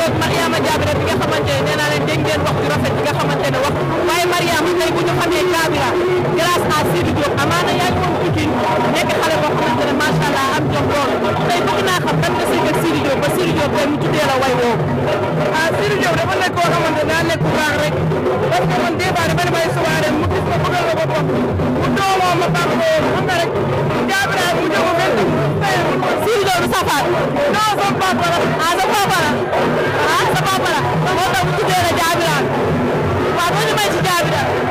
jàkkaarloog Mariama Diabira bi nga xamante ne nee naa leen dégg ngeen wax ju rafet bi nga xamante ne wax waaye Mariama tey bu ñu xamee Diabira grâce à Sidi Diop amaana yaa ngi woon Pikine nekk xale boo xamante ne macha allah am jom lool tey bëgg naa xam ban nga siy def Sidi Diop ba Sidi Diop tey mu tuddee la way woowu. ah Sidi Diop dafa nekk koo xamante daa nekk bu baax rek parce que man débat dafa ne may subaare mu gis ma bëggal ma boppam mu doomoo ma baax loolu xam nga rek Diabira mu jóg ba benn benn Sidi Diop du safaat non sama papa la dee na Jaamiraan waaw boo ñu may ci Jaamiraan